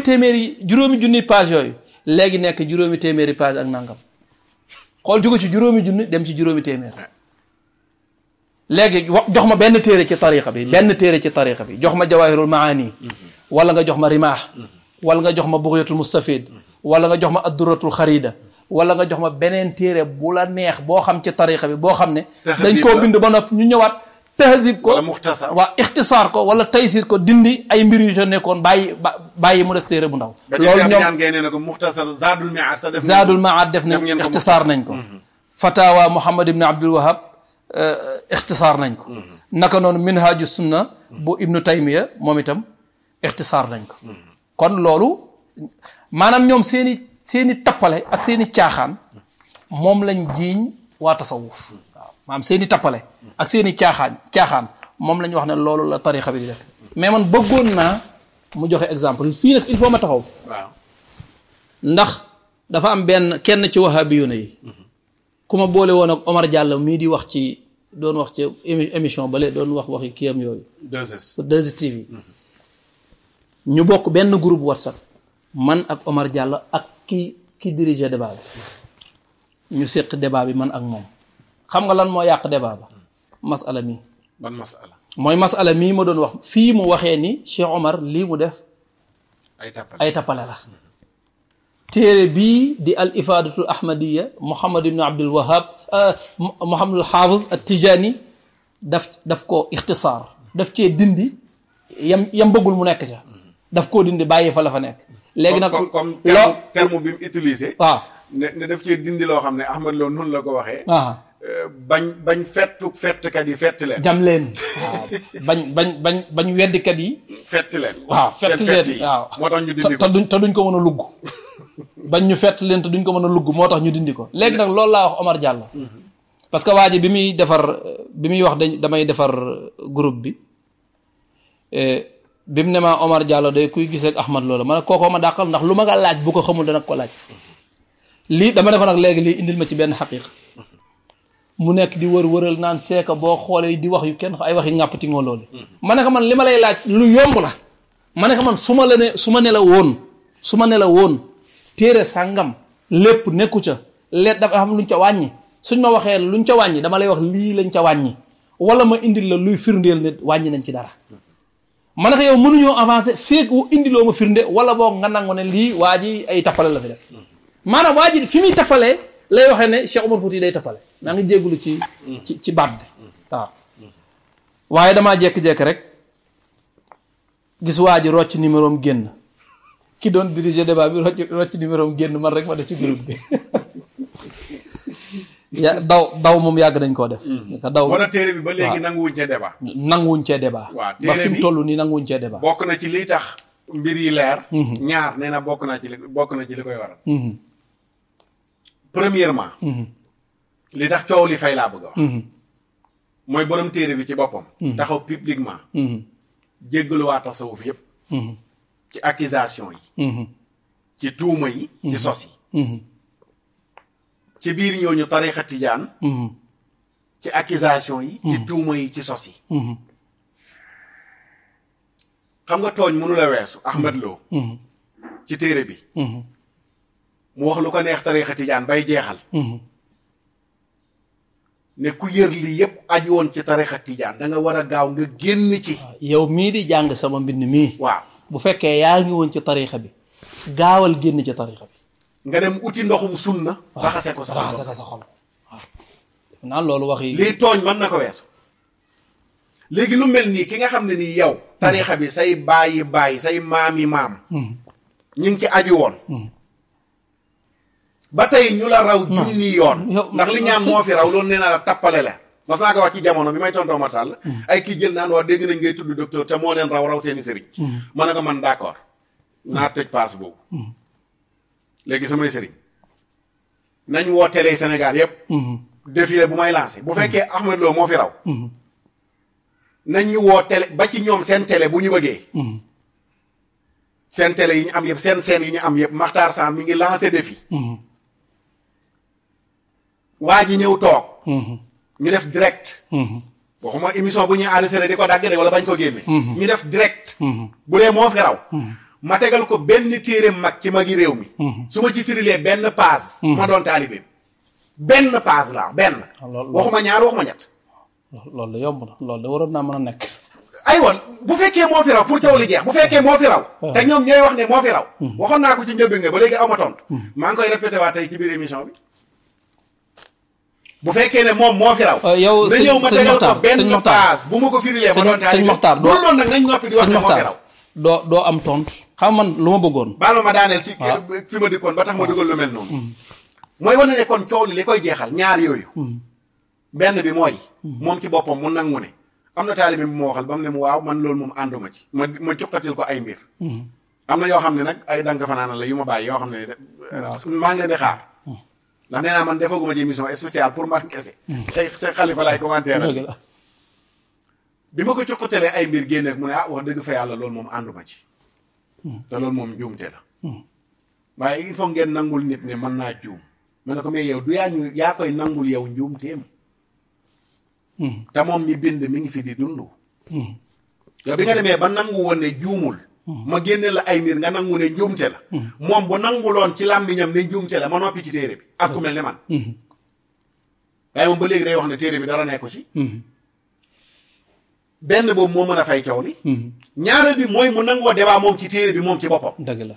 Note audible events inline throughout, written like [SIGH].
téeméeri juróomi junni page yooyu léegi nekk juróomi téeméeri page ak nangam xool jóge ci juróomi junni dem ci juróomi téeméer léegi jox ma benn téere ci tariqa bi benn téere ci tariqa bi jox ma jawahirul maani wala nga jox ma rimaax wala nga jox ma buxyatul mustafid wala nga jox ma adduratul xarida wala nga jox ma beneen téere bu neex boo xam ci tariqa bi boo xam ne dañ koo bind ba noppi ñu ñëwaat tahzib ko wala muxtasar waaw ixtisaar ko wala taysir ko dindi ay mbir yu sa nekkoon bàyyi bàyyi mu des téere bu ndaw. loolu ñoom ngeen ne ko muxtasar zaadul maad sa def zaadul maad def nañ ixtisaar nañ ko. Fatawa Muhammad ibn Abdul Wahab ixtisaar nañ ko. naka noonu minhaaju sunna bo ibnu taymiya moom itam ixtisaar nañ ko. kon loolu maanaam ñoom seeni i tappale ak seen i caaxaan moom lañ jiiñ waa tasawuf maam seen i tappale ak seen i caaxaan moom la ñu wax ne loolu la tarixa bi di def mais man bëggoon naa mu joxe exemple fii nag il faut ma taxaw fi ndax dafa am benn kenn ci wahabiyuuna yi ku ma boole woon ak Omar Diallo mii di wax ci doon wax ci émission bale doon wax waxi kii am yooyu 2S ñu bokk benn groupe WhatsApp man ak Omar Diallo ak ki ki dirige débat bi ñu séq débat bi man ak moom xam nga lan moo yàq débat ba masala mii ban mooy masala mii ma doon wax fii mu waxee nii Cheikh Omar lii mu def ay tappale la téere bii di al ifadatul ahmadiya Muhammad ibn Abdul Wahab euh, Muhammadul Hafiz at Tijani daf daf ko ixtisaar daf cee dindi yam yam bëggul mu nekk ca daf koo dindi bàyyi fa la fa nekk léegi nag comme terme bi mu utilisé waaw ah. ne daf cee dindi loo xam ne Ahmad loo noonu la ko waxee ah. bañ bañ fettuk fettkat yi fett leen. leen waaw bañ bañ bañ bañ weddikat yi. fett leen waaw fett leen moo tax ñu dindi ko te duñ te ko mën a lugg. bañ ñu fett leen te duñ ko mën a lugg moo tax ñu dindi ko. léegi nag loolu laa wax Omar Diallo. parce que waa bi muy defar bi muy wax dañ damay defar groupe bi eh, bi mu ne maa Omar Diallo day kuy gisee ak Ahmad loola ma ne kookoo ma dàqal ndax lu ma nga laaj bu ko xamul dana ko laaj. lii dama ne ko nag léegi lii indil ma ci benn xaqiiq. mu nekk di wër wëral naan seeka boo xoolee di wax yu kenn ay waxi ñàppati ngoo loolu ma ne ko man li ma lay laaj lu yomb la ma ne man su ma la ne su ma ne la woon su ma ne la woon téere sàngam lépp nekku ca leet dafa xam luñ ca wàññi suñ ma waxee luñ ca wàññi dama lay wax lii lañ ca wàññi wala ma indil la luy firndeel ne wàññi nañ ci dara ma ne ko mënuñoo avancé feeg wu indiloo ma firnde wala boo nga nangu ne lii waa ji ay tappale la fi def maanaam waa ji tappalee lay waxee ne Cheikh Omar Fouti day tappale maa ngi jéggulu ci ci baat bi waaw waaye damaa jékki-jékki rek gis waa ji rocc numéro génn ki doon diriger débat bi rocc rocc numéro am génn man rek ma def ci groupe bi [LAUGHS] ya daw daw moom yàgg nañ koo def mm-hmm. daw wala téere bi ba léegi nanguwuñ cee débat nanguwuñ cee débat waaw ba fi mu toll nii nanguwuñ cee débat bokk na ci liy tax mbir yi leer mm-hmm. ñaar nee na bokk naa ci li bokk na ci koy waral mm-hmm. premièrement. Mhm. li tax coow li fay laa bëgg wax. Mhm. mooy borom téere bi ci boppam. Mhm. taxaw publiquement. jéggalu waa tasawuf yëpp. ci accusation yi. ci tuuma yi. ci sos yi. biir ñooñu tarixa tijaan. ci accusation yi. yi ci sos yi. xam nga tooñ mënu la weesu Ahmed Lo. ci téere bi. mu wax lu ko neex tariixa tijaan bay jeexal mm-hmm. ne ku yër lii yëpp aju woon ci tariixa tijaan da war a gaaw nga génn ci ah, yow mii di jàng sama mbind mii waaw bu fekkee yaa ngi woon ci tariixa bi gaawal génn ci tariixa bi nga dem uti ndoxum sunna ah, raxase ko sa raxase sa xol waaw ah. naan loolu wax yi lii tooñ man na ko weesu léegi lu mel nii ki nga xam ne nii yow tariixa bi say bàyyi bàyyi say maami maam mm-hmm. ñi ngi ci aju woon mm-hmm. ba tey ñu la raw junni yoon ndax li ñaan moo fi raw loolu nee naa la tappale la mas naa ko wax ci jamono bi may tontoo Omar Sall mm. ay kii jël naan waa dégg nañ ngay tudd docteur te moo leen raw raw seeni sëriñ mm. ma ne ko man d'accord naa tëj paas boobu mm. léegi samay sëriñ nañ woo télé Sénégal yëpp mm-hmm. défilé bu may lancé bu mm-hmm. fekkee Ahmed loo moo fi raw mm-hmm. nañ ñu woo télé ba ci ñoom seen télé bu ñu bëggee seen télé yi ñu am yëpp seen seen yi ñu am yëpp Makhtar Sam mi ngi lancé défi waa ji ñëw toog. Mhm. ñu def direct. Mhm. waxuma émission bu ñuy enregistré di ko dàgg de wala bañ ko génne. Mhm. ñu def direct. bu dee moo fi raw. ma tegal ko benn téere mag ci mag magi réew mi. su ma ci firilee benn paas. ma doon taalibeem benn paas laa benn. Ah, waxuma ñaar waxuma ñett. loolu la yomb na loolu naa mën a nekk. aywa bu fekkee moo fi raw pour coow li jeex bu fekkee moo fi raw. Ah. te ñoom ñooy wax ne moo fi raw. waxoon naa ko ci njëlbéen nga ba léegi aw ma tontu. maa ngi koy répété waa tey ci biir émission bi. bu fekkee ne moom moo fi raw. Euh, yow sëñ sëñ Mokhtar dañoo ma tegal ko benn paas bu ma ko firilee. ma doon sëñ Mokhtar doo loolu nag nañ noppi di wax doo doo am tontu. xam man lu bëggoon. baal ma daaneel fi ma dikkoon ba tax ma dugal lu mel mm. mooy wane kon coow li li koy jeexal ñaar yooyu. Mm. benn bi mooy. Mm. moom ci boppam mu nangu ne. am na taalibe bi mu waxal ba mu ne mu waaw man loolu moom ànduma ci. ma ma cuqatil ko ay mbir. am na yoo xam ne nag ay danga fanaana la yu ma bàyyi yoo xam ne maa ngi leen di xaar ndax nee naa man defaguma ci émission spéciale pour man kese. say say xalifa laay commentaire bi ma ko joxutalee ay mbir génneeg mu ne ah wax dëgg fa yàlla loolu moom ànduma ci. te loolu moom juumte la. waaye il faut ngeen nangul nit ne mën naa juum. ma ne ko mais yow du yaa ñu yaa koy nangul yow njuumteem. Hmm. te moom mi bind mi ngi fi di dund. Hmm. yow bi nga demee ba nangu woon ne juumul. ma génne la ay miir nga nangu ne njuumte la hmm. moom bu nanguloon ci làmmiñam ne njuumte la ma noppi ci téere bi ak ku mel ne man hmm. waaye moom ba léegi day wax ne téere bi dara nekku ci hmm. boobu moo mën a fay coow li ñaareel bi mooy mu nangoo débat moom ci téere bi moom ci boppam dëgg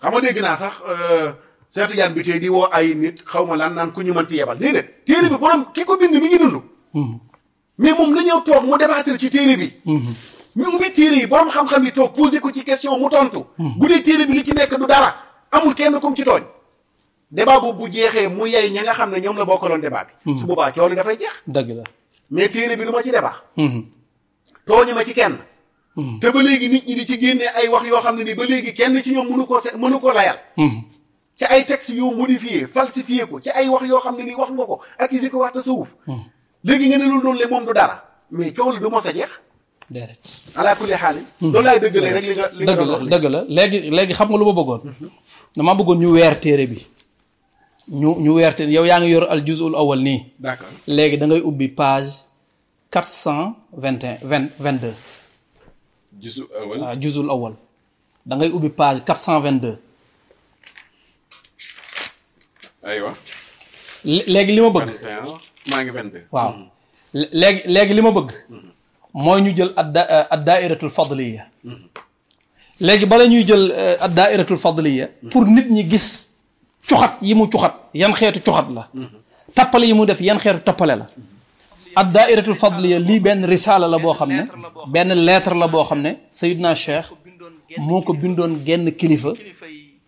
xam nga dégg naa sax euh, Cheikh Tidiane bi tey di woo ay nit xaw ma la naan ku ñu man ci yebal déedéet téere bi borom ki ko bind mi ngi dund mais moom la ñëw toog mu débattre ci téere bi ñu ubbi téere yi borom xam-xam yi toog posé ko ci question mu tontu. Hmm. bu dee téere bi li ci nekk du dara amul kenn kum ci tooñ. débat boobu bu jeexee mu yey ña nga xam ne ñoom la bokkaloon débat bi. Hmm. su boobaa coow li dafay jeex. dëgg la mais téere bi du ma ci débat. Hmm. tooñu ma ci kenn. te ba léegi nit ñi di ci génne ay wax yoo xam ne ni ba léegi kenn ci ñoom mënu koo se mënu koo layal. ci ay textes yoo modifié falsifié ko ci ay wax yoo xam ne ni wax nga ko ak isi ko wax tasawuf. léegi nga ne loolu le moom du dara mais coow li du mos a jeex. déedéet ala kulli xaal hmm. loolu laay dëggalee rek li nga li la léegi léegi xam nga lu ma bëggoon hmm. damaa bëggoon ñu weer téere bi ñu ñu weer téere yow yaa ngi yor al juzul awal nii léegi da ngay ubbi page quatre cent vingt et un vingt vingt deux juzul awal waaw ah, juzul da ngay ubbi page quatre cent vingt deux aywa léegi li ma bëgg waaw hmm. léegi léegi li ma bëgg mooy ñu jël ad euh, daairatul fadliya léegi bala ñuy jël euh, ad daairatul fadliya pour nit ñi gis cuxat yi mu cuxat yan xeetu cuxat la tappale yi mu def yan xeetu tappale la ad daairatul fadliya lii benn risaala la boo xam ne benn lettre la boo xam ne sayidna cheikh moo ko bindoon genn kilifa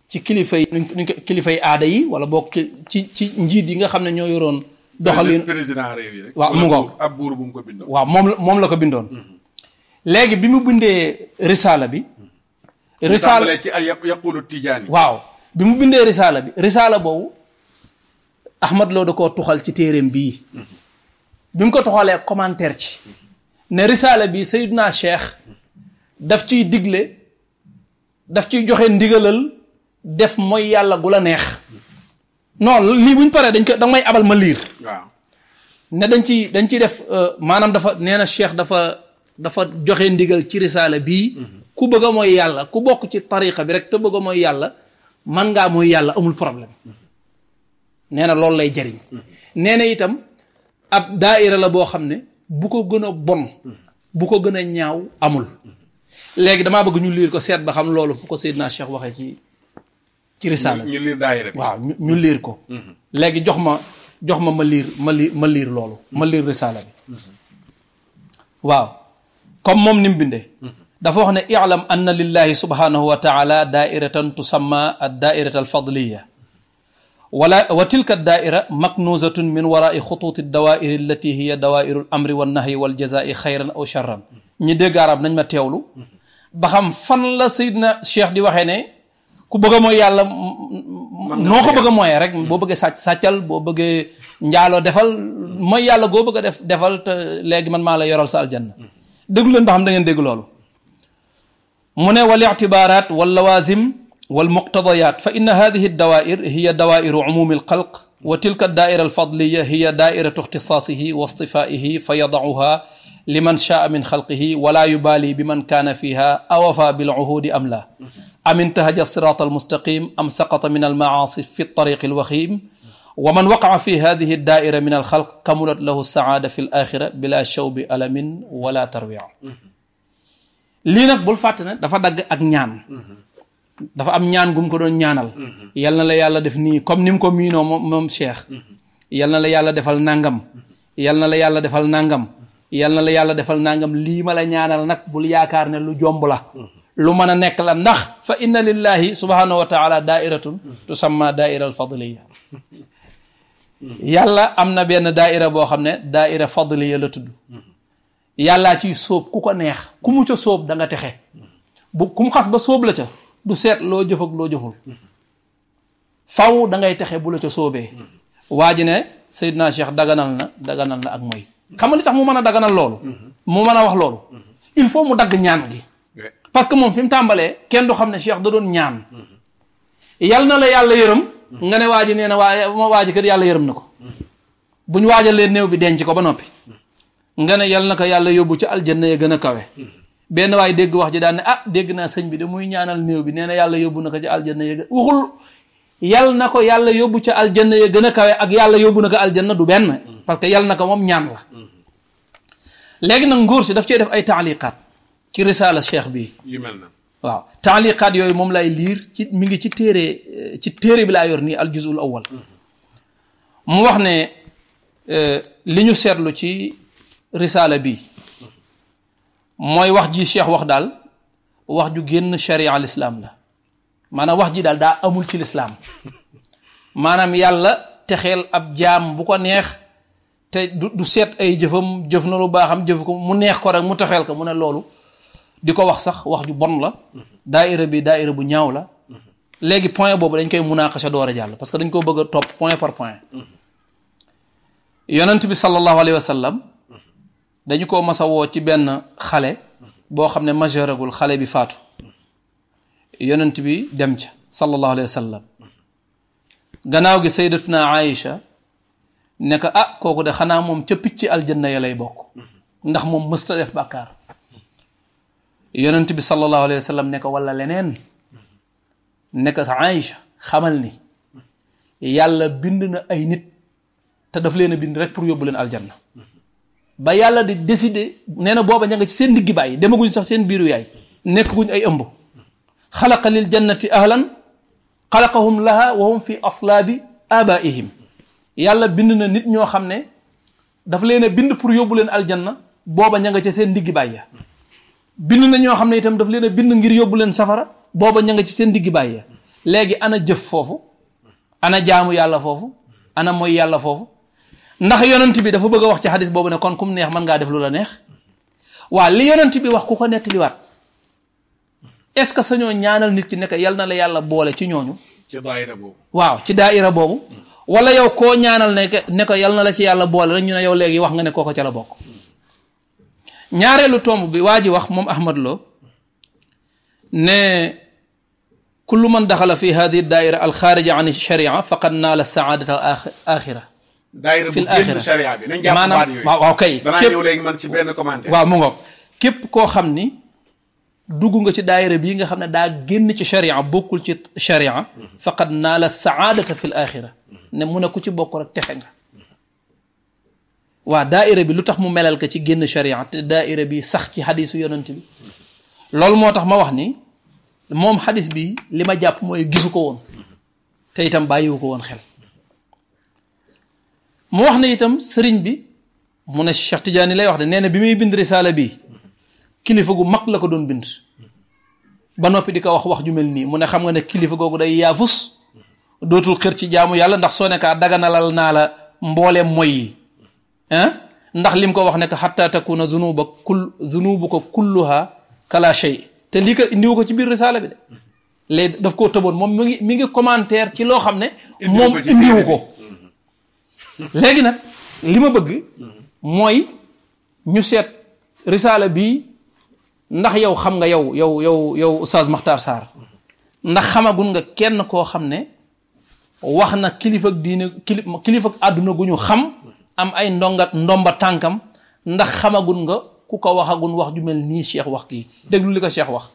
ci kilifa yi aada yi wala boo ci ci njiit yi nga xam ne ñoo yoroon doxalin président réew yi rek waaw mu ngoog ab buur bu ko bindoon waaw moom la la ko bindoon mhm. léegi bi mu bindee risaala bi mhm. risaala ci ay yaqulu tijaani waaw bi mu bindee risaala bi risaala boobu Ahmad Lo da koo tuxal ci téereem bii mhm. bi mu ko tuxalee commentaire ci ne risaala bi Seydina Cheikh daf ciy digle daf ciy joxe ndigalal def mooy yàlla gu la neex non lii buñ paree dañ ko da may abal ma liir. waaw ne dañ ci dañ ciy def euh, maanaam dafa nee na cheikh dafa dafa joxe ndigal ci risaale bii. Mhm. ku bëgg a mooy yàlla ku bokk ci tariqa bi rek te bëgg a mooy yàlla man ngaa mooy yàlla amul problème mhm. nee na loolu lay jariñ mhm. nee na itam ab daaira la boo xam ne bu ko gën a bon bu ko gën a ñaaw amul léegi damaa bëgg ñu liir ko seet ba xam loolu fu ko Seydina Cheikh waxee ci ci risaala ñu liir daayira bi waaw ñu liir ko mm-hmm. léegi jox ma jox ma ma liir ma ma liir loolu mm-hmm. ma liir risaala bi mm-hmm. waaw comme moom ni mu bindee dafa wax ne i'lam anna lillahi subhanahu wa taala wala wa tilka ad daaira maknuzatun min waraai xutuuti dawaairi allati hiya dawairu al amri wannahyi waljazai xayran aw charran ñi dégg arab nañ ma teewlu ba fan la sayidna cheikh di waxee ku bëgg a mooy yàlla noo ko bëgg a mooyee rek boo bëggee sàcc sàccal boo bëggee njaaloo defal mooy yàlla goo bëgg a def defal te man maa la yoral sa aljanna déglu leen ba xam da ngeen dégg loolu mu ne wal ictibaaraat wal lawazim wal muqtadayaat fa inna hadihi dawair hiya wa tilka daaira alfadliya hiya daairatu ixtisaasihi wa istifaihi fa yadacuha liman man kaana fiha awafa bil uhudi am am intahaja sirat almustaqim am saqata min almaasi man waqaa fi hadihi daaira min alxalq kamulat lahu saada fi alaxira bila shawbi alamin wala tarwia lii nag bul fàtte ne dafa dagg ak ñaan dafa am ñaan gum ko doon ñaanal yal na la yàlla def nii comme ni ko miinoo moom moom cheikh yal na la yàlla defal nangam yal na la yàlla defal nangam yal la yàlla defal nangam lii ma la ñaanal nag bul yaakaar ne lu jomb la lu mën a nekk la ndax fa inna lillahi subhanahu wa taala dairatun tusamma daaira alfadliya yàlla am na benn daaira boo xam ne daaira fadliya la tudd yàllaa ciy sóob ku ko neex ku mu ca soob danga texe bu ku mu xas ba sóob la ca du seet loo jëfag loo jëful faw dangay texe bu la ca sóobee waa ji ne Seydina Cheikh daganal na daganal na ak mooy xam nga li tax mu mën a daganal loolu mm-hmm. mu mën a wax loolu mm-hmm. il faut mu dagg ñaan gi parce que moom fi mu tàmbalee kenn du xam ne Cheikh da doon ñaan yal na la yàlla yërëm nga ne waa ji nee na waa ma waa ji kër yàlla yërëm na ko bu ñu waajalee néew bi denc ko ba noppi nga ne yal na ko yàlla yóbbu ci aljanna ya gën a kawe benn waay dégg wax ji daan ne ah dégg naa sëñ bi de muy ñaanal néew bi nee na yàlla yóbbu na ko ci aljanna ya gën waxul yal na ko yàlla yóbbu ci aljanna ya gën a kawe ak yàlla yóbbu na ko aljanna du benn parce que yal na ko moom ñaan la léegi nag nguur si daf cee def ay taaliqaat ci risaala cheikh bi yu mel na waaw taaliqaat yooyu moom lay liir ci mi ngi ci téere ci téere bi laa yor nii al juzul mu wax ne euh, li ñu seetlu ci risaala bi mooy wax ji cheikh wax daal wax ju génn sharia lislaam la maanaam wax ji daal daa amul ci lislaam [LAUGHS] maanaam yàlla texeel ab jaam bu ko neex te du seet ay jëfam jëf na lu baaxam jëf ko mu neex ko rek mu texeel ko mu ne loolu di ko wax sax wax ju bon la daaira bi daaira bu ñaaw la léegi point boobu dañ koy munaaqasha door a jàll parce que dañ koo bëgg a topp point par point yonent bi sallallahu alayhi wa sallam dañu koo mas woo ci benn xale boo xam ne majeuragul xale bi faatu yonent bi dem ca sallallahu alayhi wa sallam gannaaw gi sayyidatuna naa ne ko ah kooku de xanaa moom ca picc aljanna ya lay bokk ndax moom mës ta bàkkaar yonent bi sallallahu alayhi wa sallam ne ko wala leneen ne ko Aïcha xamal ni yàlla bind na ay nit te daf leen a bind rek pour yóbbu leen aljanna ba yàlla di décider nee na booba ña nga ci seen diggi bàyyi demaguñ sax seen biiru yaay nekkaguñ ay ëmb xalaqa lil jannati ahlan xalaqahum laha wa hum fi aslaabi abaihim yàlla bind na nit ñoo xam ne daf leen a bind pour yóbbu leen aljanna booba ña nga ca seen diggi bàyyi bind na ñoo xam ne itam daf leen a bind ngir yóbbu leen safara booba ña nga ci seen digg bàyyi léegi ana jëf foofu ana jaamu yàlla foofu ana mooy yàlla foofu ndax yonent bi dafa bëgg a wax ci xadis boobu ne kon kum neex man ngaa def lu la neex waa li yonent bi wax ku ko nettaliwaat est-ce que sañoo ñaanal nit ki nekk yal na la yàlla boole ci ñooñu. ci daaira waaw ci daaira boobu. Mm. wala yow koo ñaanal ne ne ko yal na la ci yàlla boole rek ñu ne yow léegi wax nga ne ko ca la bokk. ñaareelu tomb bi waa ji wax moom Ahmad Lo ne kullu man daxala fi hadihi daaira alxaarija an sharia faqad naala saadat al axira fi l axira maanaam waaw kay waaw mu ngoog képp koo xam ni dugg nga ci daaira bii nga xam ne daa génn ci sharia bokkul ci sharia faqad naala saadata fi l axira ne mu ne ku ci bokkul rek texe nga waa daaira bi lu tax mu melal ko ci génn sharia te daaira bi sax ci xadisu yonent bi loolu moo tax ma wax ni moom xadis bi li ma jàpp mooy gisu ko woon te itam bàyyiwu ko woon xel mu wax ne yitam sëriñ bi mu ne Cheikh Tidiane lay wax de nee na bi muy bind risaala bi kilifa gu mag la ko doon bind ba noppi di ko wax wax ju mel nii mu ne xam nga ne kilifa googu day yaafus dootul xër ci jaamu yàlla ndax soo nekkaa daganalal naa la mbooleem mooy ndax lim ko wax ne que xatta takuna zunuba kull zunubu ko kulluha kala shay te lii ko indiwu ko ci biir risaala bi de léegi daf koo tëboon moom mi ngi mi ngi commentaire ci loo xam ne moom indiwu ko mm-hmm. léegi nag li ma bëgg mm-hmm. mooy ñu seet risaala bi ndax yow xam nga yow yow yow yow Oustaz Makhtar Sarr mm-hmm. ndax xamagul nga kenn koo xam ne wax na kilifa diine kilifa àdduna gu ñu xam am ay ndonga ndomba tànkam ndax xamagun nga ku ko waxagun wax ju mel nii cheikh wax kii déglu li ko cheikh wax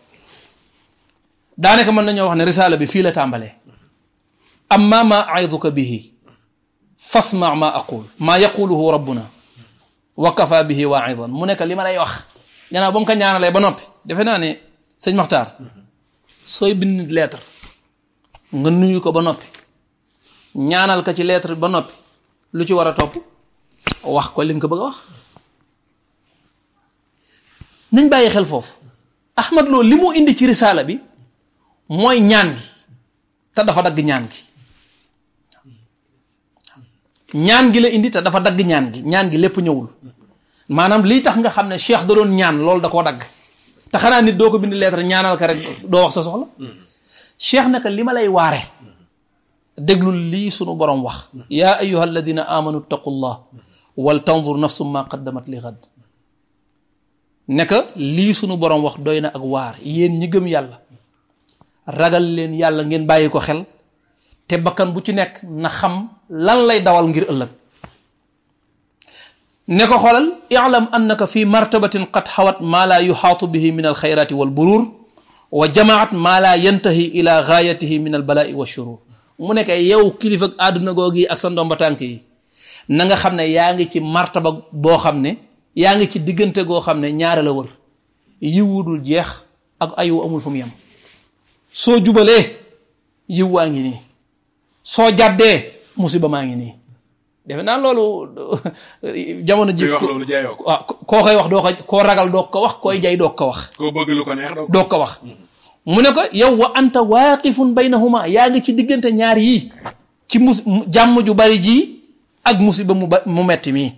daanaka mën nañoo wax ne risaala bi fii la tàmbalee amma ma aiduka bihi fasma ma aqul maa yaquluhu rabbuna wa kafa wa waidan mu nekk li ma lay wax ganaaw ba ka ñaanale ba noppi defe naa ne sëñ Maxtaar sooy bind lettre nga nuyu ko ba noppi ñaanal ko ci lettre ba noppi lu ci war a topp wax ko li nga ko bëgg a wax nañ bàyyi xel foofu Ahmad Lo li mu indi ci risaala bi mooy ñaan gi te dafa dagg ñaan gi ñaan gi la indi te dafa dagg gi ñaan gi lépp ñëwul maanaam lii tax nga xam ne cheikh da doon ñaan loolu da koo dagg te xanaa nit doo ko bind lettre ñaanal ka rek doo wax sa soxla cheikh naka li ma lay waare déglul lii sunu borom wax yaa ayuha alladina amanu taqullah wal tanzur nafsum ma qaddamat li xad ne que lii sunu borom wax doy na ak waar yéen ñi gëm yàlla ragal leen yàlla ngeen bàyyi ko xel te bakkan bu ci nekk na xam lan lay dawal ngir ëllëg ne ko xoolal i'lam annaka fi martabatin qad xawat maa yu yuxaatu bi min alxayraati wal buruur wa jamaat ma laa yantahi ila gaayatihi min albalaai wa shuruur mu nekk yow kilifa àdduna googi ak sa ndomba yi nanga xam ne yaa ngi ci martaba boo xam ne yaa ngi ci diggante goo xam ne ñaare la wër yiwu dul jeex ak ayu amul fu mu soo jubalee yiw waa ngi nii soo jàddee musiba maa ngi nii defe naa loolu [LAUGHS] jamono ji waaw koo koy wax doo ko ragal doo ko wax koy jay doo ko wax doo ko wax mm-hmm. mu ne ko yow wa anta waaqifun baynahuma yaa ngi ci diggante ñaar yii ci mus jàmm ju bari ji ak musiba mu ba mu metti mii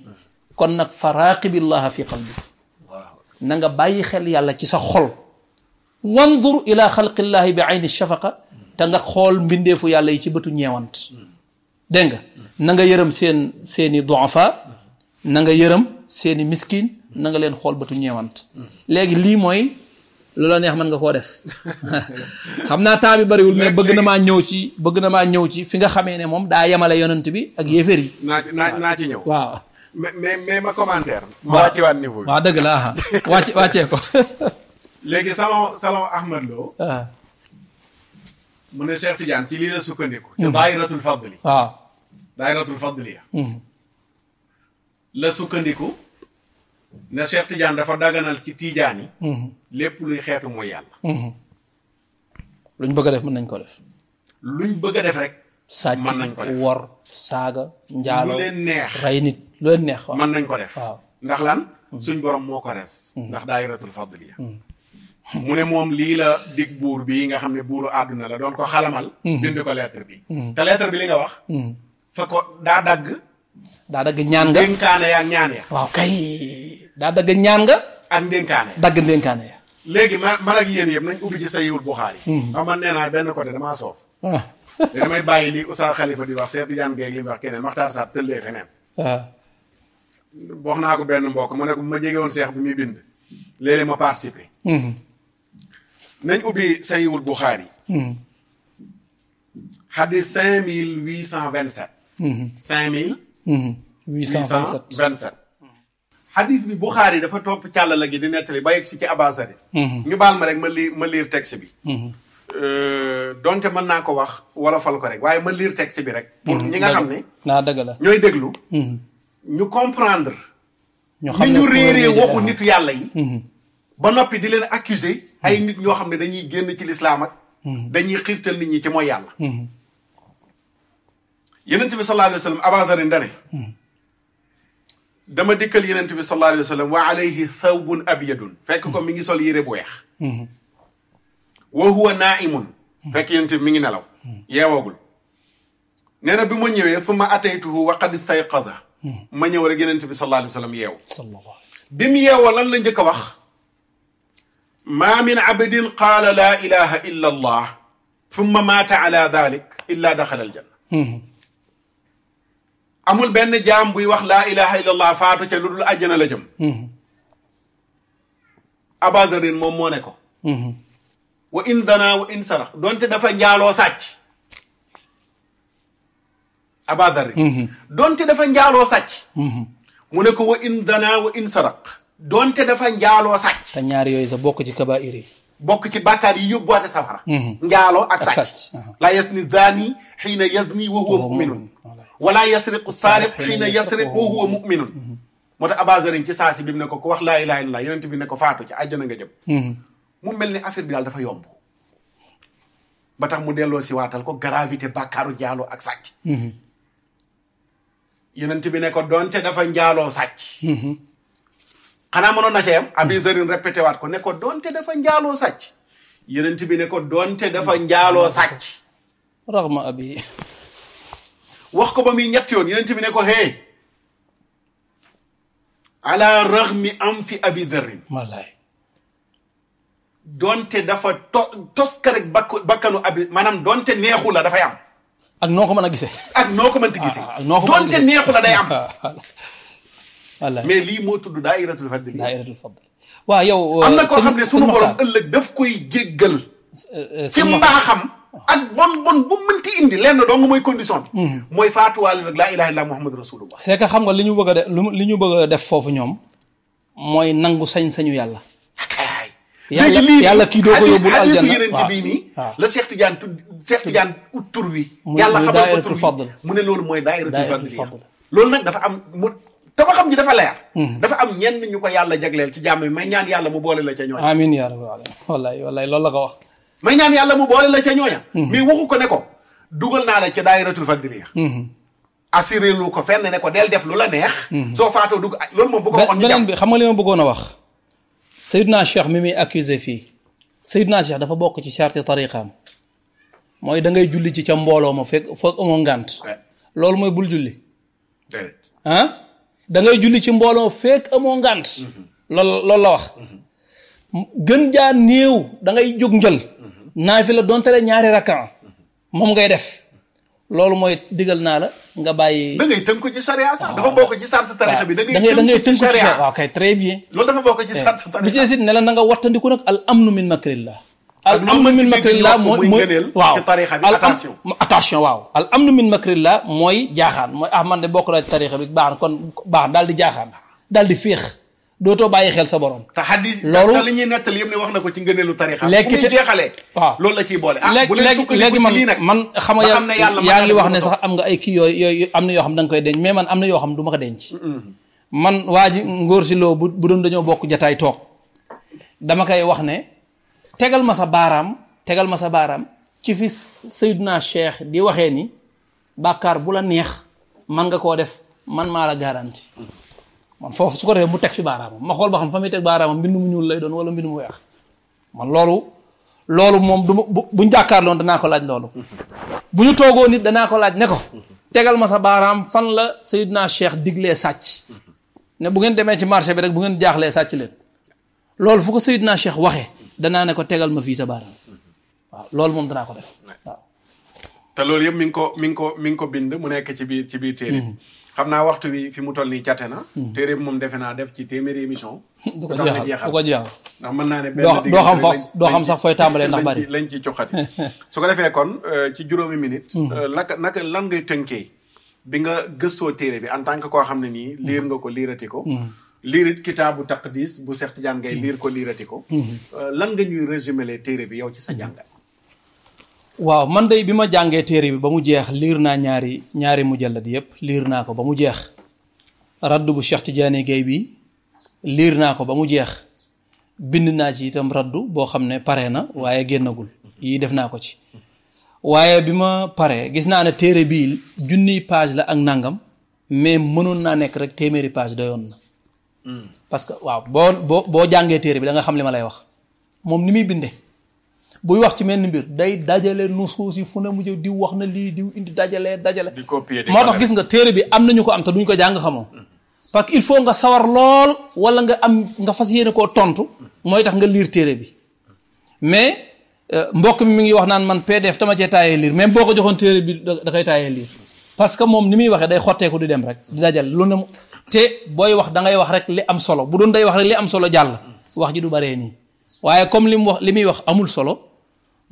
kon nag fa raqibillaha fi qalbi na bàyyi xel yàlla ci sa xol wandur ila xalqillahi bi ayni shafaqa te nga xool mbindeefu yàlla yi ci bëtu ñeewant dégg nga na nga yërëm seen seeni duafa na nga yërëm seeni miskin nanga leen xool bëtu ñeewant léegi lii mooy lu la neex mën nga koo def [LAUGHS] xam naa temps bi bariwul mais bëgg na maa ñëw ci bëgg na maa ñëw ci fi nga xamee ne moom daa yemale yonent bi ak yéeféer yi. naa ci naa ci mais mais mais ma commentaire. ma dëgg la ah wàcce wàccee ko. [LAUGHS] léegi salon salon Ahmad Lo. Ah. mu ne Cheikh Tidiane ci lii la sukkandiku. te hmm. daayiratul fadli. waaw hmm. la sukkandiku. ne Cheikh Tidiane dafa daganal ci tiijaan yi mhm. lépp luy xeetu mooy yàlla mhm. luñ bëgg a def mën nañ ko def luñ bëgg a def rek sàcc mën nañ ko def wor saaga njaalo lu leen neex nit lu leen neex waaw mën nañ ko def waaw ndax lan mhm. suñ borom moo ko res ndax daayiratul fadliya mu ne moom lii la dig buur bii nga xam ne buuru àdduna la doon ko xalamal bind ko lettre bi te lettre bi li nga wax fa daa dagg daa dagg ñaan nga ndénkaane ya ak ñaan ya waaw kay daa dagg ñaan nga ak ndénkaane ya dagg ndénkaane ya léegi ma man ak yéen yëpp nañ ubbi ci Sahiihul Buxaari xam hmm. man ah. [LAUGHS] li Oustaz Khalifa di wax Cheikh Tidiane Gueye li mu wax keneen ah. ko benn mbokk mu ne ko ma jege woon Cheikh bi muy bind léeg-léeg ma participer hmm. nañ hmm. cinq mille huit cent vingt sept cinq mille 827 827. hadis bi Buxaari dafa topp càllala gi di nettali ba yegg si ci abasari mm-hmm. ñu baal ma rek ma liir ma liir bi. Mm-hmm. Euh, donte mën naa ko wax wala fal ko rek waaye ma liir texte bi rek. pour mm-hmm. ñi nga xam ne. naa dëgg la ñooy déglu. ñu comprendre. ñu xam ne ñu réeree waxu nitu yàlla yi. ba noppi di leen accuser ay nit ñoo xam ne dañuy génn ci lislaam ak. dañuy xiirtal nit ñi ci mooy yàlla. yonent bi sallallahu alayhi wa sallam abazarin dane hmm. dama dikkal yonent bi sallallahu alayhi wa sallam wa alayhi thawbun abyadun fekk ko hmm. mi ngi sol yére bu weex hmm. wa huwa naaimun fekk yonent bi mi ngi nelaw yeewoogul nee na bi ma ñëwee thumma ataytuhu wa qad istayqada ma ñëw rek yonent bi sallallahu alayhi wa sallam yeewu bi mu yeewoo lan la njëkk a wax ma min abdin qaala laa ilaha illa allah thumma maata ala dalik illa daxala aljanna amul benn jaam buy wax laa ilaha illallah faatu ca lu dul àjjana la jëm mhm. abadarin moom moo ne ko mhm. wa in dana wa in sarax donte dafa njaaloo sàcc abadarin mhm. donte dafa njaaloo sàcc mu ne ko wa in dana wa in sarax donte dafa njaaloo sàcc te yooyu sa bokk ci kabaa'ir yi bokk ci bàkkaar yi yóbbuwaate safara njaaloo ak sàcc laa yasni zaani xiina yasni wa huwa muminun wala yasriqu saariq xiina yasriqu wa huwa muminun mhm. moo tax abasariñ ci saasi bi mu ne ko ku wax laa ilaha illallah yonent bi ne ko faatu ci àjjana nga jëm mhm. mu mel ni affaire bi daal dafa yomb ba tax mu delloo si waatal ko gravité bàkkaaru njaaloo ak sàcc mhm. yonent bi ne ko doonte dafa njaaloo sàcc xanaa mënoon na cee am waat ko ne ko doonte dafa njaaloo sàcc yonent bi ne doonte dafa njaaloo sàcc raxma abi wax ko ñetti muy yi yoon yeneen bi ne ko hee ala raghmi am fi abi dharrin wallaay donte dafa to toskare bakkanu abi maanaam donte neexu la dafay am ak noo ko mën a gisee ak noo ko mënti gisee ah, ah, donte neexu la day am [LAUGHS] wallaay mais lii moo tudd daayiratul fadl daayiratul fadl waaw yow am na euh, koo xam ne sunu borom ëllëg daf koy jéggal euh, euh, ci mbaaxam ak bon bon bu mënti indi lenn dong mooy condition bi. Hmm. mooy faatuwaale nag laa ilaaha illallaah muhammadu rasulullah. c'est que xam nga li ñu bëgg a def li ñu bëgg a def foofu ñoom mooy nangu sañ-sañu yàlla. yàlla yàlla kii doo ko yóbbul bii nii la Cheikh Tidiane tudd Cheikh Tidiane ut tur wi yàlla xamal ko mu ne loolu mooy daayiratul fadl loolu nag dafa am mu te ko xam ji dafa leer hmm. dafa am ñu ko yàlla jagleel ci jàmm yi may ñaan yàlla mu boole la ca ñooñu amiin yaa loolu la ko wax may ñaan yàlla mu boole la ca ñooña mm-hmm. mais waxu ko ne ko dugal naa la ca daayiratul fadliya mm-hmm. assuré lu ko fenn ne ko del def lu la neex mm-hmm. soo faatoo dugg ah, loolu moom bëggoon a wax Seydina Cheikh mi muy accusé fii Seydina dafa bokk ci charte tariqaam mooy da ngay ci ca mbooloo ma fekk loolu mooy bul julli ah ngay julli ci mbooloo fekk amoo ngànt loolu loolu la wax gën jaa néew da ngay jóg njël naa donte la doon tere ñaari rakkan moom ngay def loolu mooy digal naa la nga bàyyi. da ngay tënku ci sariya sax. Ah. dafa bokk ci sart tarixa bi. da ngay da ngay tënku ci sariya waaw kay très bien. loolu dafa bokk ci eh. sart tarixa bi ci des it ne la na nga wattandiku nag al amnu min makrillah. al amnu min makrillah mooy mooy waaw ci tarixa bi attention. attention waaw al amnu min makrillah mooy jaaxaan mooy ah man de bokk naa ci tarixa bi baax na kon baax daal di jaaxaan daal di féex. dootoo bàyyi xel sa borom. te xadis loolu la ñuy nettali yëpp wax na ko ci ngëneelu tarixa léegi te bu jeexalee. waaw loolu la ciy boole. ah bu leen sukkandiku ci lii nag man xam nga yaa ngi wax ne sax am nga ay kii yooyu yooyu am na yoo xam da koy denc mais man am na yoo xam du ma ko denc. man waa ji ngóor si loo bu bu doon dañoo bokk jataay toog dama koy wax ne tegal ma sa baaraam tegal ma sa baaraam ci fi naa Cheikh di waxee ni bàkkaar bu la neex man nga koo def man maa la garanti. man foofu su ko defee mu teg fi baaraamam ma xool ba xam fa muy teg baaraamam mbind mu ñuul lay doon wala mbind mu weex man loolu loolu moom du buñ jàkkaarloon danaa ko laaj loolu bu ñu toogoo nit danaa ko laaj ne ko tegal ma sa baaraam fan la Seydina Cheikh diglee sàcc ne bu ngeen demee ci marché bi rek bu ngeen jaaxlee sàcc leen loolu fu ko naa Cheikh waxee danaa ne ko tegal ma fii sa baaraam loolu moom danaa ko def te loolu yëpp mi ngi ko mi ngi ko mi ngi ko bind mu nekk ci biir ci biir téere mm-hmm. xam naa waxtu wi fi mu toll nii jate na. Hmm. téere bi moom defe naa def ci téeméeri émission. du ko jeexal du ko mën naa ne benn doo xam fas doo xam sax fooy tàmbalee ndax bari lañ ciy coxati [LAUGHS] su ko defee kon euh, ci juróomi minute. laka hmm. euh, naka lan ngay tënkee bi nga gëstoo téere bi en tant que koo xam ne nii hmm. liir nga ko liirati ko. liirit kitaabu taqdis bu Seex ti ngay liir ko liirati ko. Euh, lan nga ñuy résumé lee téere bi yow ci sa jàngat. waaw man de bi ma jàngee téere bi ba mu jeex liir naa ñaari ñaari mujallad yépp liir naa ko ba mu jeex raddu bu Cheikh Tidiane Gaye bi liir naa ko ba mu jeex bind naa ci itam raddu boo xam ne pare na waaye génnagul yii def naa ko ci waaye bi ma paree gis naa ne téere bii junniy page la ak nangam mais mënoon naa nekk rek téeméeri page doyoon hmm. parce que waaw boo boo boo jàngee téere bi da nga xam li ma lay wax moom ni muy bindee buy wax ci menn mbir day dajale nusuus yi fu ne mu jëw diw wax na lii diw indi dajale dajale moo tax gis nga téere bi am nañu ko am te duñu ko jàng xamoo mm-hmm. parce que il faut nga sawar lool wala nga am nga fas yéene koo tontu mooy tax nga liir téere bi mais euh, mbokk mi mi ngi wax naan man pee def tama cee taayee liir mais boo ko joxoon téere bi da koy taayee liir parce que moom ni muy waxee day xotteeku di dem rek di dajal lu ne te booy wax dangay wax rek li am solo bu doon day wax rek li am solo jàll mm-hmm. wax ji du baree nii waaye comme li mu wax li muy wax amul solo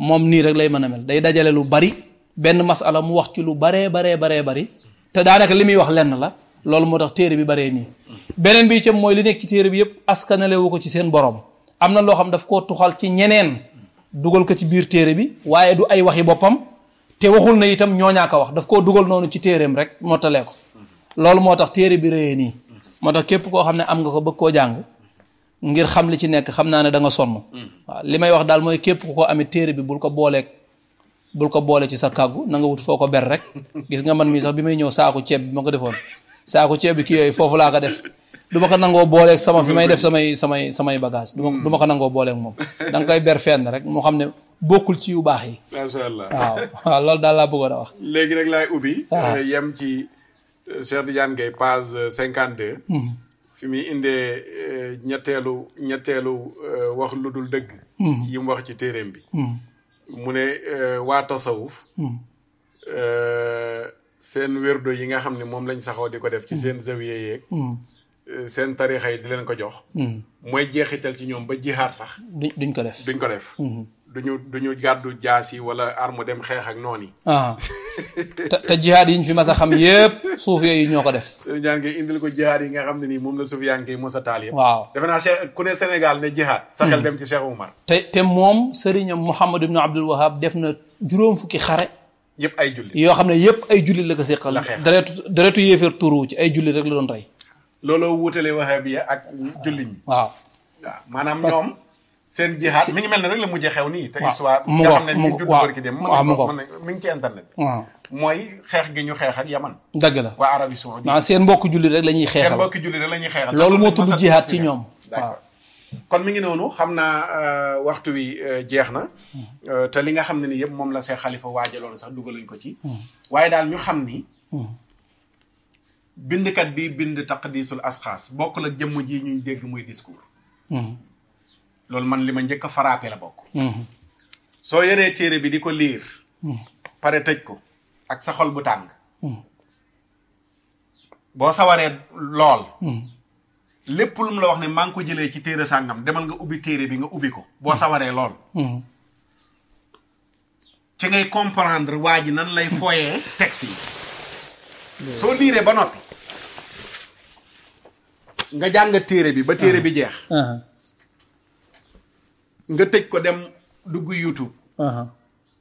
moom nii rek lay mën a mel day dajale lu bari benn masala mu wax ci lu baree baree baree bari te daanaka li muy wax lenn la loolu moo tax téere bi baree nii beneen bi itam mooy li nekk téere bi yëpp askanalewu ko ci seen borom am na loo xam daf koo tuxal ci ñeneen dugal ko ci biir téere bi waaye du ay waxi boppam te waxul na itam ñooñaa ko wax daf koo dugal noonu ci téereem rek mottalee ko loolu moo tax téere bi réyee nii moo tax képp koo xam ne am nga ko bëgg koo jàng ngir xam li ci nekk xam naa ne danga nga sonn hmm. waaw li may wax daal mooy képp ku ko amee téere bi bul ko booleeg bul ko boole ci sa kàggu na nga wut foo ko ber rek gis nga man mii sax bi may ñëw saaku ceeb bi ma ko defoon saaku ceeb bi kii yooyu foofu laa ko def du ma ko nangoo booleeg sama fi may def samay samay samay bagage du ma du ma ko nangoo booleeg moom da koy ber fenn rek moo xam ne bokkul ci yu baax yi macha allah waaw loolu daal laa bëggoon a wax léegi rek laay ubbi ah. euh, yem ci euh, Cheikh Tidiane Gaye fi muy indee eh, ñetteelu ñetteelu eh, wax lu dul dëgg hmm. yi wax ci téeréem bi hmm. mu ne eh, waa tasawuf hmm. seen wérdo yi nga xam ne moom lañ saxoo di ko def ci seen zawiye yeeg seen tarixa yi di leen ko jox mooy jeexital ci ñoom ba jihaar sax duñ ko def duñ ko def duñu duñu gàddu jaas yi wala arme dem xeex ak noon yi ah. te te jihaad yi ñu fi mas a xam yëpp suuf yooyu ñoo ko def sëñ jaan ngay ko jihaad yi nga xam ne nii moom la suuf yaa ngi koy mos taal yëpp waaw defe naa Cheikh ku ne Sénégal ne jihaad hmm. sa xel dem ci Cheikh Oumar te te moom sëriñam Mouhamad ibn Abdul Wahab def na juróom fukki xare yëpp ay jullit yoo xam ne yëpp ay julli la ko séqal dareetu dareetu yéeféer turu ci ay jullit rek la doon rey looloo wuutale wahabiya ak jullit ñi waaw waaw maanaam seen jihaat mi ngi mel ne rek la mujjee xew nii. te histoire nga xam ne ñu judd barki dem waaw mu ngoog mi ngi ci internet bi. waaw mooy xeex gi ñu xeex ak yaman. dëgg la waa Arabie Saoudite. maanaam ah, seen mbokku jullit rek la ñuy xeexal seen mbokku jullit rek la ñuy xeexal. loolu moo tudd jihaat ci ñoom waaw. kon mi ngi noonu xam naa euh, waxtu wi euh, jeex na. Hmm. Euh, te li nga xam ne ni yëpp moom la see xalifa waajaloon sax dugaluñ ko ci. Hmm. waaye daal ñu xam ni. Hmm. bindkat bi bind taqdisul asxaas bokk la jëmm ji ñuy dégg muy discours. loolu man li ma njëkk a frappé la bokk. Mhm. soo yoree téere bi di ko liir. Mhm. pare tëj ko ak sa xol bu tàng. Mhm. boo sawaree lool. lépp lu la wax ne maa ngi ko jëlee ci téere sàngam demal nga ubbi téere bi nga ubbi ko boo sawaree lool. ci ngay comprendre waa ji nan lay fooyee texte yi. soo liiree ba noppi. nga jàng téere bi ba téere bi jeex. nga tëj ko dem dugg YouTube.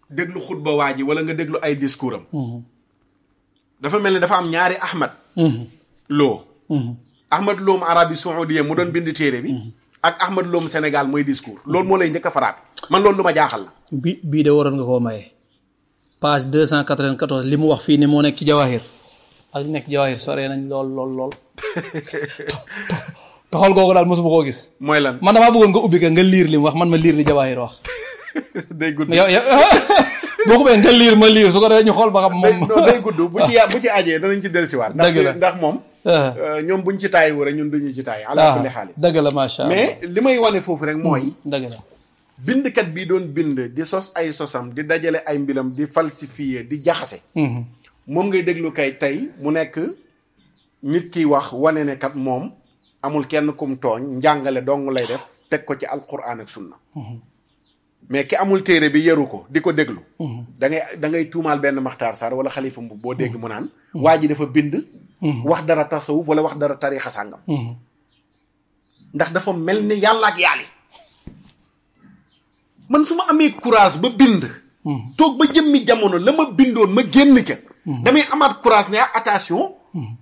déglu xutba waa ji wala nga déglu ay discours am. Mhm. dafa mel ni dafa am ñaari Ahmad. Mhm. Lo. Mhm. Ahmad Loom Arabie Saoudite mu doon bind téere bi. ak Ahmad loomu senegal mooy discours. loolu moo lay njëkk a faraat man loolu lu ma jaaxal la. bi bii de waroon nga koo maye. page deux cent quatre-vingt-quatorze li mu wax fii ni moo nekk ci Jawahir. ak li nekk Jawahir sore nañ lool lool lool. [LAUGHS] te xool googu daal mosuma koo gis. mooy lan man damaa bëggoon nga ubbi ka nga liir li mu wax man ma liir li Jawaahir wax. [LAUGHS] day gudd yow yow [LAUGHS] boo ko bëggee nga liir ma liir su ko defee ñu xool ba xam moom. day gudd bu ci bu ci aajee danañ ci dellusiwaat. dëgg la ndax moom. Ah. Euh, ñoom buñ ci taay wu rek ñun duñu ci taay. ala ah, kulli xaali dëgg la allah li may wane foofu rek mooy. Mm, dëgg la. kat bi doon bind di sos ay sosam di dajale ay mbiram di falsifier di jaxase. Mm-hmm. moom ngay déglu kay tey mu nekk nit ki wax wane ne kat moom. amul kenn kum tooñ njàngale dong lay def teg ko ci alquran ak sunna mhm. mais ki amul téere bi yaru ko di ko déglu mhm. da ngay tuumaal benn maxtaar saar wala xalifa mbu boo dégg mhm. mu naan waa ji dafa bind wax dara tasawuf wala wax dara tariixa sàngam ndax dafa mel ni yàlla yàlli man su ma amee courage ba bind toog ba jëmmi jamono la ma bindoon ma génn ca damay amaat courage ne attention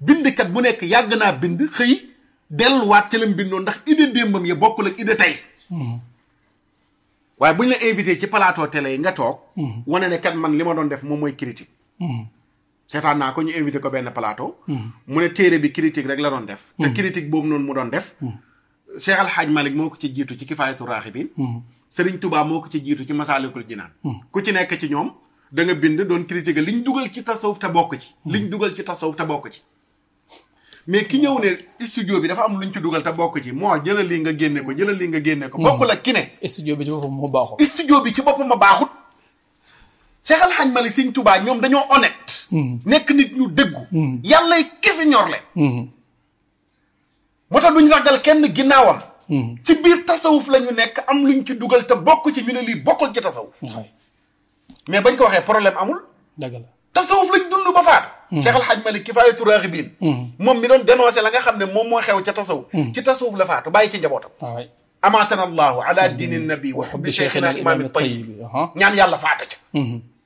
bindkat bu nekk yàgg naa bind xëy delluwaat ci lam bindoon ndax idée démbam yi bokkul ak idée tey waaye bu ñu la invité ci plateau télé yi nga toog wane ne kat man li ma doon def moom mooy critique seetaan naa ko ñu invité ko benn palaato mu ne téere bi critique rek la doon def te critique boobu noonu mu doon def Cheikh Al Hadj Malick moo ko ci jiitu ci Kifaayatu Raaxibiin Sëriñ Tubaa moo ko ci jiitu ci Masaalikul Jinaan ku ci nekk ci ñoom da nga bind doon critiquer liñ dugal ci tasawuf te bokk ci liñ dugal ci tasawuf te bokk ci mais ki ñëw ne studio bi dafa am luñ ci dugal te bokku ci moo jëlal lii nga génne ko jëlal lii nga génne ko. Hmm. bokkul ak ki ne. studio bi ci boppam moo baaxut. studio bi ci boppam ma baaxut. Cheikh Al Hadj Malick Sëñ ñoom dañoo honnête. Hmm. nekk nit ñu dëggu. Hmm. yàlla kese ñor leen. moo tax duñ ragal kenn ginnaawam. ci biir tasawuf la ñu nekk am luñ ci dugal te bokk ci ñu ne lii bokkul ci tasawuf. mais bañ ko waxee problème amul. dëgg tasawuf lañ dund ba faatu. Mm. Cheikh Al Hadj Malick kifaayatu raaxibiin mm. moom mi doon dénoncé la nga xam ne moom moo xew ca tasawuf mm. ci tasawuf la faatu bàyyi ci njabootam amaatana allahu ala diini nabi wa xubbi cheikhina imaami tayyib uh-huh. ñaan yàlla faata ca mm-hmm.